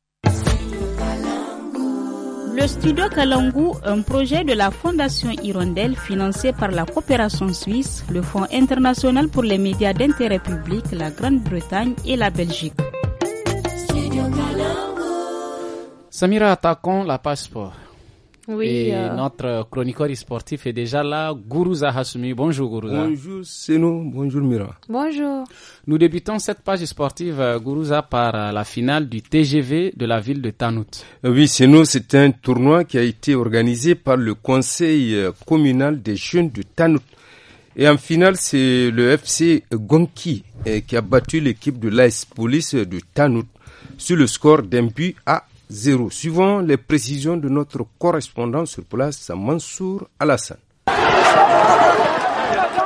Le studio Kalangu, un projet de la Fondation Hirondelle financé par la coopération suisse, le Fonds international pour les médias d'intérêt public, la Grande-Bretagne et la Belgique. Samira, attaquons la passeport. Oui, et euh, notre chroniqueur sportif est déjà là, Guruza Hassoumi. Bonjour Guruza. Bonjour Seno, bonjour Mira. Bonjour. Nous débutons cette page sportive, euh, Guruza par euh, la finale du TGV de la ville de Tanout. Oui Seno, c'est un tournoi qui a été organisé par le conseil communal des jeunes de Tanout. Et en finale, c'est le FC Gonki qui a battu l'équipe de l'AS Police de Tanout sur le score d'un but à zéro. Suivant les précisions de notre correspondant sur place, Mansour Alassane.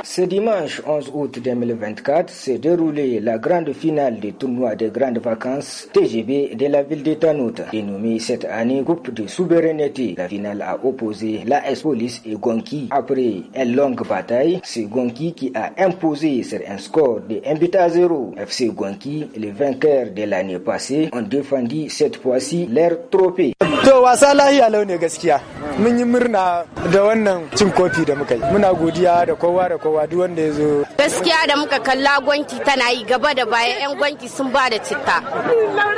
Ce dimanche 11 août 2024 s'est déroulée la grande finale du tournoi des grandes vacances TGB de la ville de dénommé dénommée cette année groupe de souveraineté. La finale a opposé la S-Police et Gonki. Après une longue bataille, c'est Gonki qui a imposé sur un score de 1 but à 0. FC Gonki, les vainqueurs de l'année passée, ont défendu cette fois-ci leur trophée. mun yi murna da wannan cin kofi da muka yi muna godiya da kowa da kowa duk wanda ya zo gaskiya da muka kalla gwanki tana yi gaba da baya yan gwanki sun ba da citta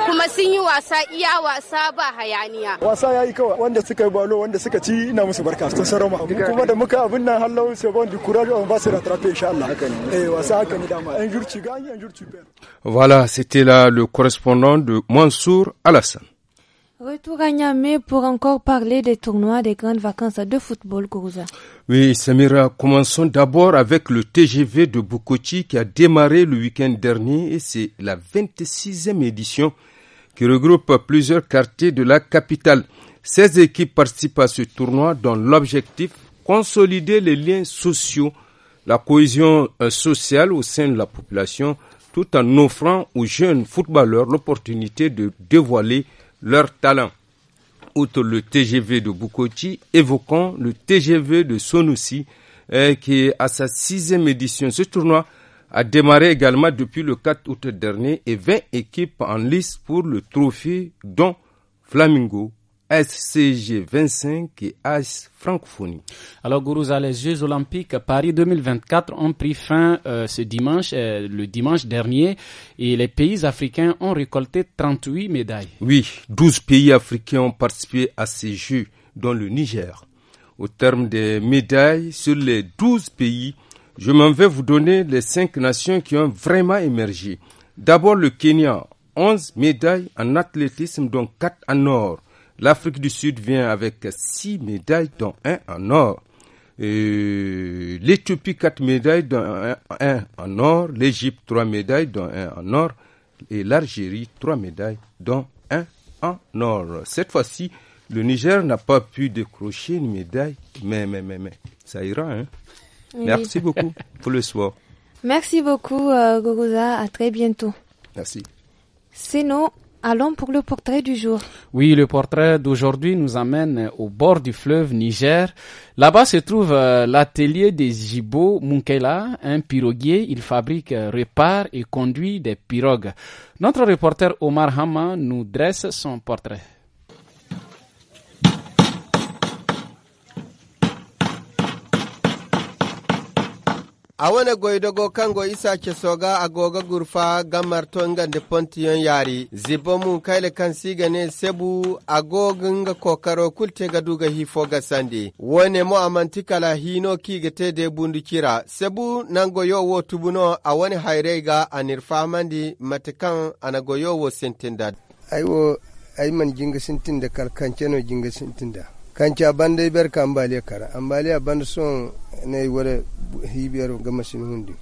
kuma sun yi wasa iya wasa ba hayaniya wasa ya yi kawai wanda suka yi balo wanda suka ci ina musu barka sun sarama kuma da muka abin nan hallo sai bon du courage on va se haka ne eh wasa haka ne dama un jurci ga gagnes jurci voilà c'était là le correspondant de Mansour Alassane Retour à Niamey pour encore parler des tournois des grandes vacances de football, Kourouza. Oui, Samira, commençons d'abord avec le TGV de Bukoti qui a démarré le week-end dernier et c'est la 26e édition qui regroupe plusieurs quartiers de la capitale. 16 équipes participent à ce tournoi dans l'objectif consolider les liens sociaux, la cohésion euh, sociale au sein de la population tout en offrant aux jeunes footballeurs l'opportunité de dévoiler leur talent. Outre le TGV de Bukoti, évoquant le TGV de Sonoussi, euh, qui est à sa sixième édition. Ce tournoi a démarré également depuis le 4 août dernier et 20 équipes en lice pour le trophée, dont Flamingo, SCG 25 et AS Francophonie. Alors Gourouza, les Jeux Olympiques Paris 2024 ont pris fin euh, ce dimanche, euh, le dimanche dernier, et les pays africains ont récolté 38 médailles. Oui, 12 pays africains ont participé à ces Jeux, dont le Niger. Au terme des médailles, sur les 12 pays, je m'en vais vous donner les 5 nations qui ont vraiment émergé. D'abord le Kenya, 11 médailles en athlétisme, dont 4 en or. L'Afrique du Sud vient avec six médailles, dont un en or. L'Éthiopie, quatre médailles, dont un, en or. L'Égypte, trois médailles, dont un en or. Et l'Algérie, trois médailles, dont un en or. Cette fois-ci, le Niger n'a pas pu décrocher une médaille, mais, mais, mais, mais ça ira. Hein? Merci beaucoup pour le soir. Merci beaucoup, euh, À très bientôt. Merci. C'est Allons pour le portrait du jour. Oui, le portrait d'aujourd'hui nous amène au bord du fleuve Niger. Là-bas se trouve euh, l'atelier des Jibo Munkela, un piroguier. Il fabrique, euh, répare et conduit des pirogues. Notre reporter Omar Hama nous dresse son portrait. a awone goydogo kango ke soga goga gurfa tonga da pontiyon yari zibo mu kayle kan ne sebu ga kokaro kulte ga duga ga sandi wone mo amanti kala hino kigetede bundukira sebu goyo wo tubuno ga hayreyga anir famandi mate kan anago yowo sentinda aywo ayman jinga sintinda kal kanceno jinga sintinda kanca bandai iber ka ambaliya kara ambaliya bandu son ne wada hibiyar gama sin hundi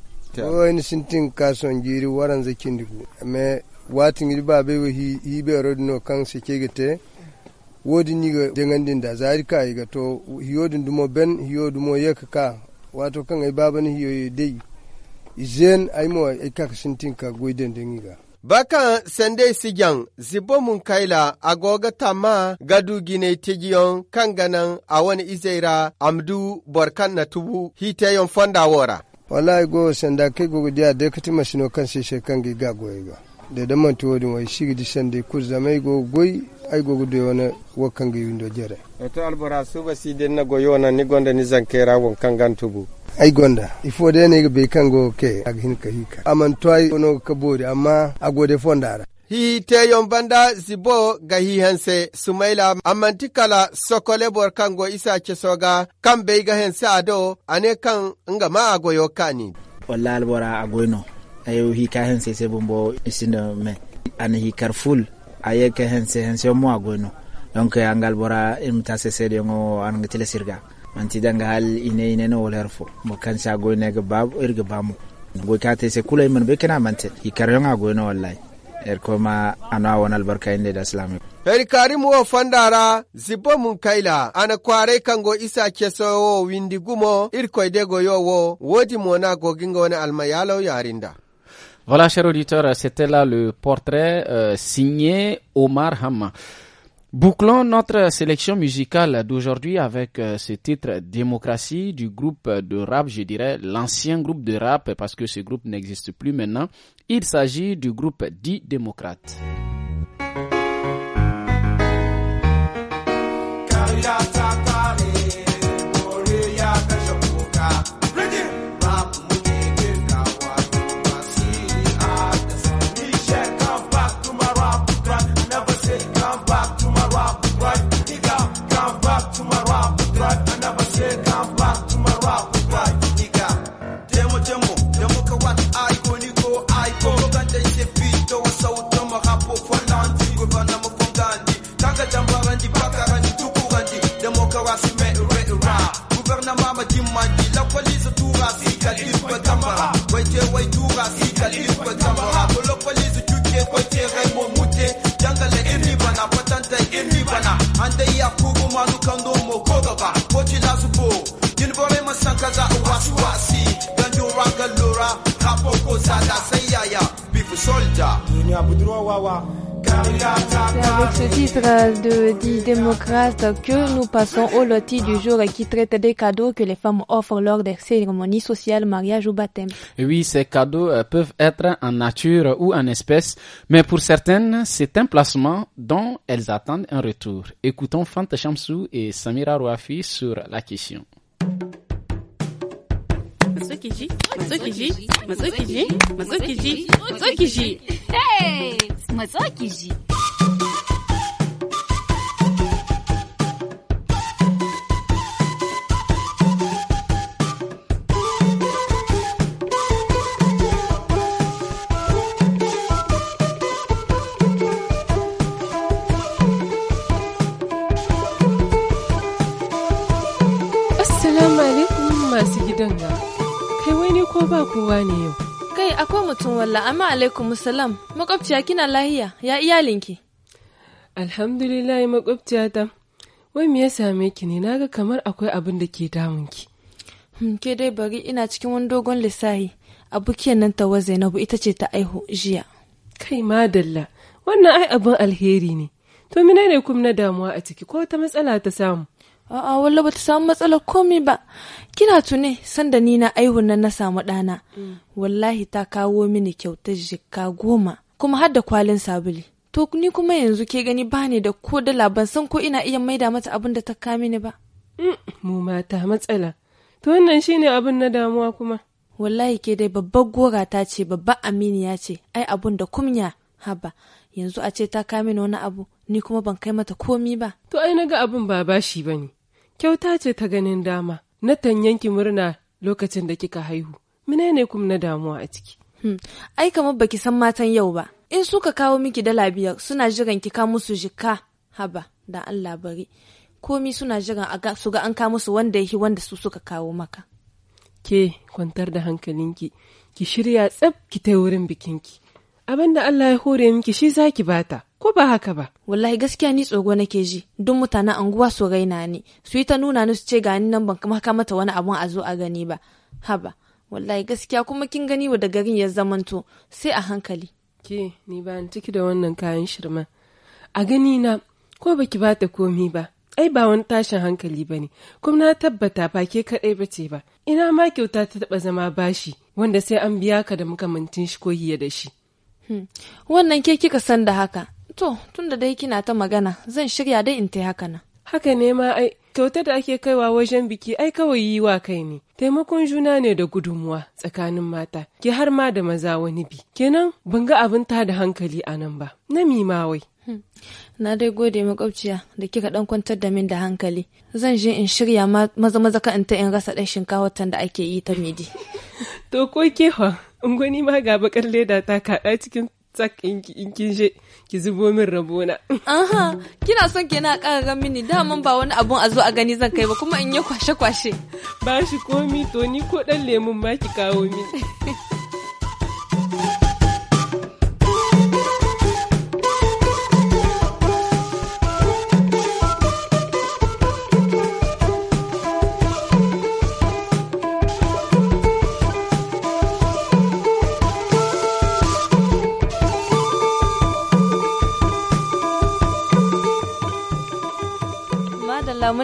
o ni sintin kason jiri waran zakin diku me watin gidi ba bai wa hibiyar no kan se kegete wodi ni ga dengandin da zari ka ga to hiyodin dumo ben hiyodin mo yek ka wato kan ai ni hiyoyi dai izen ai mo ai ka sintin ka goiden dengiga Bakan sende sijan zibo mun kaila agoga tama gadu gine tijiyon kanganan wani izaira amdu borkan na tubu yon fonda wora. wala igo sanda ke go dia de kati masino kan shi shekan gi ga goyiga. Da da man tuwo din wai shi di sande kur zamai go goyi ai go gudu wona wakan gi windo jere. Eto albora suba si den na goyona ni gonda ni zankera won kangan tubu. ai gonda ifo de ne be go ke aghin kahika aman toy ono kabori amma agode fondara hi yon banda zibo ga hi-hense hanse sumaila kala sokole bor go isa kan be ga hense ado ane kan nga ma yo kani wallal bora no ayo hi ka hense se bombo isinda me ane hi carful aye ka hense hense mo no donc angal bora imta se se de ngo an ngitele sirga antidanga danga hal ine ine no woler fo mo kan sa go ne ga bab ir ga bamu go ka te se kulay man be kana mante i karyonga go no wallahi er koma ana wonal barka inde da islam heri karimu wo fandara zibo mun kaila ana kware kango isa kesowo windigumo irkoyde go yowo wodi mona go ginga wona almayalo yarinda Voilà, chers auditeurs, c'était là le portrait euh, signé Omar Hamma. Bouclons notre sélection musicale d'aujourd'hui avec euh, ce titre Démocratie du groupe de rap, je dirais l'ancien groupe de rap parce que ce groupe n'existe plus maintenant. Il s'agit du groupe dit démocrate. de, 10 démocrates que nous passons au loti du jour qui traite des cadeaux que les femmes offrent lors des cérémonies sociales, mariage ou baptême. Oui, ces cadeaux euh, peuvent être en nature ou en espèce, mais pour certaines, c'est un placement dont elles attendent un retour. Écoutons Fante Chamsou et Samira Rouafi sur la question. hey ko ba kowa ne yau kai akwai mutum walla amma alaikum salam makwabciya kina lahiya ya iyalinki alhamdulillah makwabciya ta wai me ya same ki ne naga kamar akwai abin da ke damun ki hmm, ke dai bari ina cikin wani dogon lissahi bukiyan nan tawa zainabu ita ce ta aihu jiya kai madalla wannan ai abin alheri ne to ne kuma na damuwa a ciki ko wata matsala ta samu a'a wallah bata samu matsalar komi ba kina tune sanda ni na aihun nan na samu ɗana mm. wallahi ta kawo mini kyautar jikka goma kuma har da kwalin sabuli to ni kuma yanzu ke gani ba ne da ko dala ban san ko ina iya maida mata abin da ta kami mini ba mm. mu mata matsala to wannan shine abin na damuwa kuma wallahi ke dai babbar gora ta ce babbar aminiya ce ai abun da kumya haba yanzu a ce ta kame ni wani abu ni kuma ban kai mata komi ba to ai naga abun ba bashi bane kyauta ce ta ganin dama na tanyanki murna lokacin da kika haihu menene kuma na damuwa a ciki hmm. ai kamar baki san matan yau ba in suka kawo miki dala biyar suna jiran ki ka musu jika haba da Allah bari komi suna jiran su ga an ka musu wanda yahi wanda su suka kawo maka ke kwantar da hankalinki ki shirya tsab ki ta wurin bikinki abin da Allah ya hore miki shi zaki bata ko ba haka ba wallahi gaskiya ni tsogo nake ji duk mutanen anguwa su raina ni su yi ta nuna ni su ce ga ni nan ban maka mata wani abun a zo a gani ba haba wallahi gaskiya kuma kin gani wa da garin ya zamanto sai a hankali ke ni ba ciki da wannan kayan shirman a gani na ko baki bata komi ba ai ba wani tashin hankali bane ne kuma na tabbata ba ke kaɗai bace ba ina ma kyauta ta taba zama bashi wanda sai an biya ka da muka makamantin shi ko hiya da shi Hmm. Wannan ke kika san da haka. To, tun da dai kina ta magana, zan shirya dai in ta haka nan. Haka ne ma ai, kyauta da ake kaiwa wajen biki ai kawai yi wa kai ne. Taimakon juna ne da gudunmuwa tsakanin mata, ke har ma da maza wani bi. Kenan ban ga abin ta da hankali a nan ba, na mimawai. Hmm. Na dai gode makwabciya da kika dan kwantar da min da hankali. Zan je in shirya maza maza ka in ta in rasa dan shinkawatan da ake yi ta midi. to ko kewa. Ungwani ma ga bakar leda ta kaɗa cikin tsak in kin ki zubo min rabona. Aha, kina son ke na ga mini daman ba wani abun a zo a gani zan kai ba kuma in yi kwashe-kwashe. Ba shi komi to ni ko dan lemun ma ki kawo mini.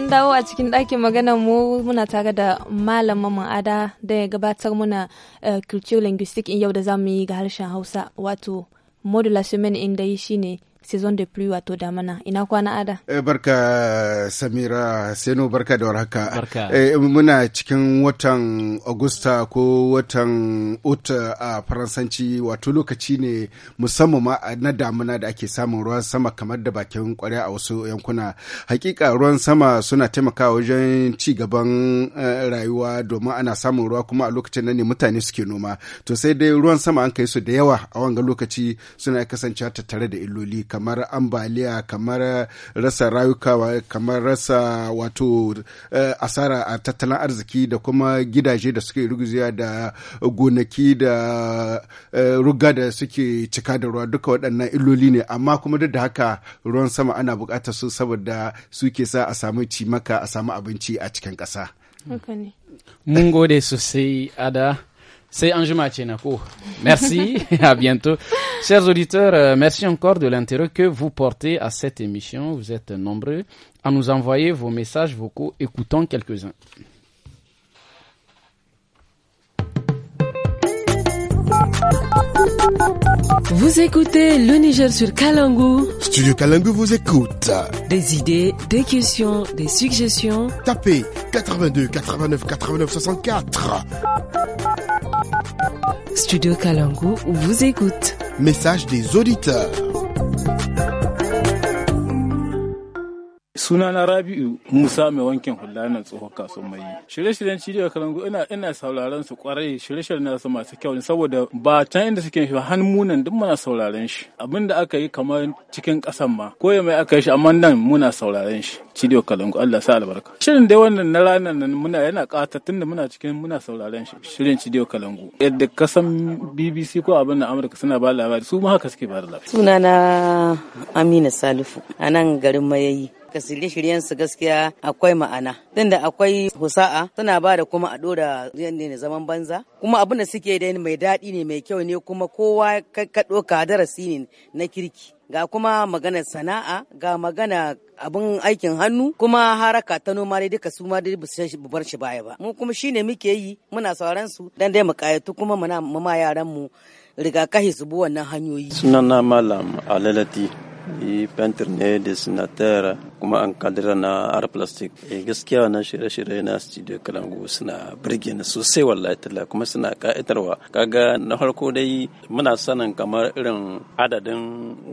mun dawo a cikin ɗakin maganar mu muna tare da malamin ada da ya gabatar muna eh, culture linguistic in yau da zamu yi ga harshen Hausa wato modulation in da yi shine saison de pluie wato damana ina kwana ada eh, barka samira seno barka da warhaka eh, muna cikin watan augusta ko watan ut eh, a faransanci wato lokaci ne musamman ma na damuna da ake samun ruwan sama kamar da bakin kwarya a wasu yankuna hakika ruwan sama suna taimakawa wajen ci gaban rayuwa domin ana samun ruwa kuma a lokacin nan ne mutane suke noma to sai dai ruwan sama an kai su da yawa a wanga lokaci suna kasancewa tattare da illoli kamar ambaliya kamar rasa rayuka kamar rasa wato eh, asara a tattalin arziki da kuma gidaje da suke ruguziya da gonaki da eh, ruga da suke cika da ruwa duka waɗannan illoli ne amma kuma duk da haka ruwan sama ana bukata su saboda suke sa a samu cimaka a samu abinci a cikin ƙasa. Mun gode sosai Ada. C'est Anjuma Tchenako. Merci, à bientôt. Chers auditeurs, euh, merci encore de l'intérêt que vous portez à cette émission. Vous êtes nombreux à nous envoyer vos messages vocaux. Écoutons quelques-uns. Vous écoutez le Niger sur Kalangu. Studio Kalangu vous écoute. Des idées, des questions, des suggestions. Tapez 82 89 89 64. Studio Kalangu vous écoute. Message des auditeurs. sunana rabi'u musa mai wankin hula na tsohon kasuwan mai shirye-shiryen cibiyar kalangu ina ina sauraron su kwarai shirye-shiryen nasu masu kyau saboda ba can inda suke shi hannunan duk muna sauraron shi abin da aka yi kamar cikin kasan ma ko mai aka yi shi amma nan muna sauraron shi cibiyar kalangu allah sa albarka shirin dai wannan na ranar nan muna yana ƙata tun da muna cikin muna sauraron shi shirin cibiyar kalangu yadda kasan bbc ko abin da amurka suna ba labari su ma haka suke ba da labari sunana amina salifu a nan garin mayayi haka shirye-shiryen su gaskiya akwai ma'ana tunda akwai husa'a suna ba da kuma a dora ne zaman banza kuma abin da suke da mai daɗi ne mai kyau ne kuma kowa ka ɗauka darasi ne na kirki ga kuma magana sana'a ga magana abin aikin hannu kuma haraka ta noma dai duka su ma dai ba su bar shi baya ba mu kuma shine muke yi muna sauran su dan dai mu kayatu kuma muna ma yaran mu rigakafi su bi wannan hanyoyi na malam alalati yi fentir ne da sinatar kuma an kadira na ar plastic e eh, gaskiya na shirye-shirye na studio kalangu suna birge ni sosai wallahi talla kuma suna ka'itarwa kaga na farko dai muna sanin kamar irin adadin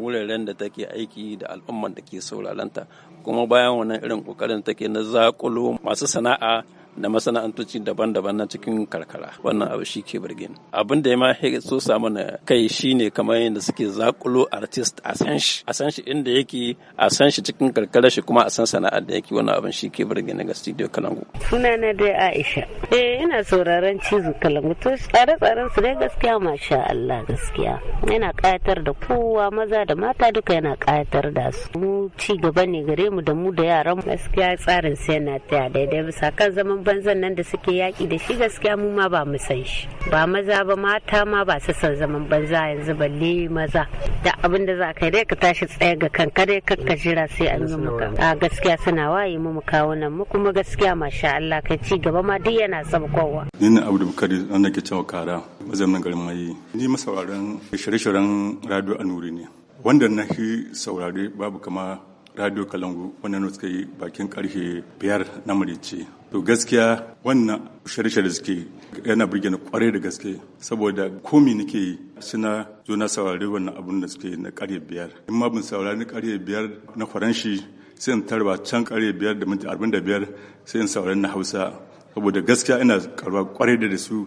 wuraren da take aiki da al'umman da ke sauraranta kuma bayan wannan irin kokarin take na zakulo masu sana'a na masana'antoci daban-daban na cikin karkara wannan abu shi ke birgin abin da ya ma so samu na kai shine kamar yadda suke zakulo artist a san shi a san shi inda yake a san shi cikin karkara shi kuma a san sana'ar da yake wannan abin shi ke birgin ga studio kalangu sunana dai aisha eh ina sauraron cizo kalangu to tsare-tsaren su dai gaskiya masha Allah gaskiya yana kayatar da kowa maza da mata duka yana kayatar da su mu ci gaba ne gare mu da mu da yaran gaskiya tsarin sai na ta daidai bisa kan zaman banzan nan da suke yaƙi da shi gaskiya mu ma ba mu san shi ba maza ba mata ma ba su san zaman banza yanzu balle maza da abin da za ka dai ka tashi tsaye ga kanka dai ka jira sai an yi muka a gaskiya suna waye mu kawo nan mu kuma gaskiya masha Allah ka ci gaba ma duk yana sabkowa ni ne Abdul Bukari wanda ke cewa kara nan garin mai ni masauraran shirye-shiryen radio Anuri ne wanda na shi saurare babu kama radio kalangu wannan suka yi bakin karfe biyar na marice to gaskiya wannan shirye da suke yana birge ni kwarai da gaske saboda komi nake yi suna zo na saurari wannan abun da suke na karfe biyar in ma bin saurari na karfe biyar na faranshi sai in tarba can karfe biyar da minti arba'in da biyar sai in saurari na hausa saboda gaskiya ina karba kwarai da su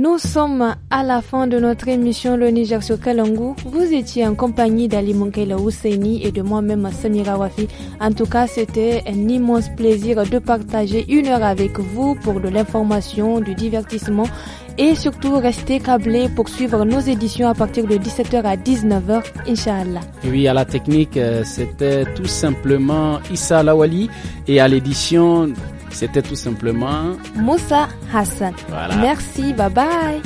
Nous sommes à la fin de notre émission Le Niger sur Kalangu. Vous étiez en compagnie d'Ali Monkela Ousseini et de moi-même Samira Wafi. En tout cas, c'était un immense plaisir de partager une heure avec vous pour de l'information, du divertissement et surtout rester câblé pour suivre nos éditions à partir de 17h à 19h, Inch'Allah. Oui, à la technique, euh, c'était tout simplement Issa Lawali et à l'édition c'était tout simplement Moussa Hassan. Merci, bye bye.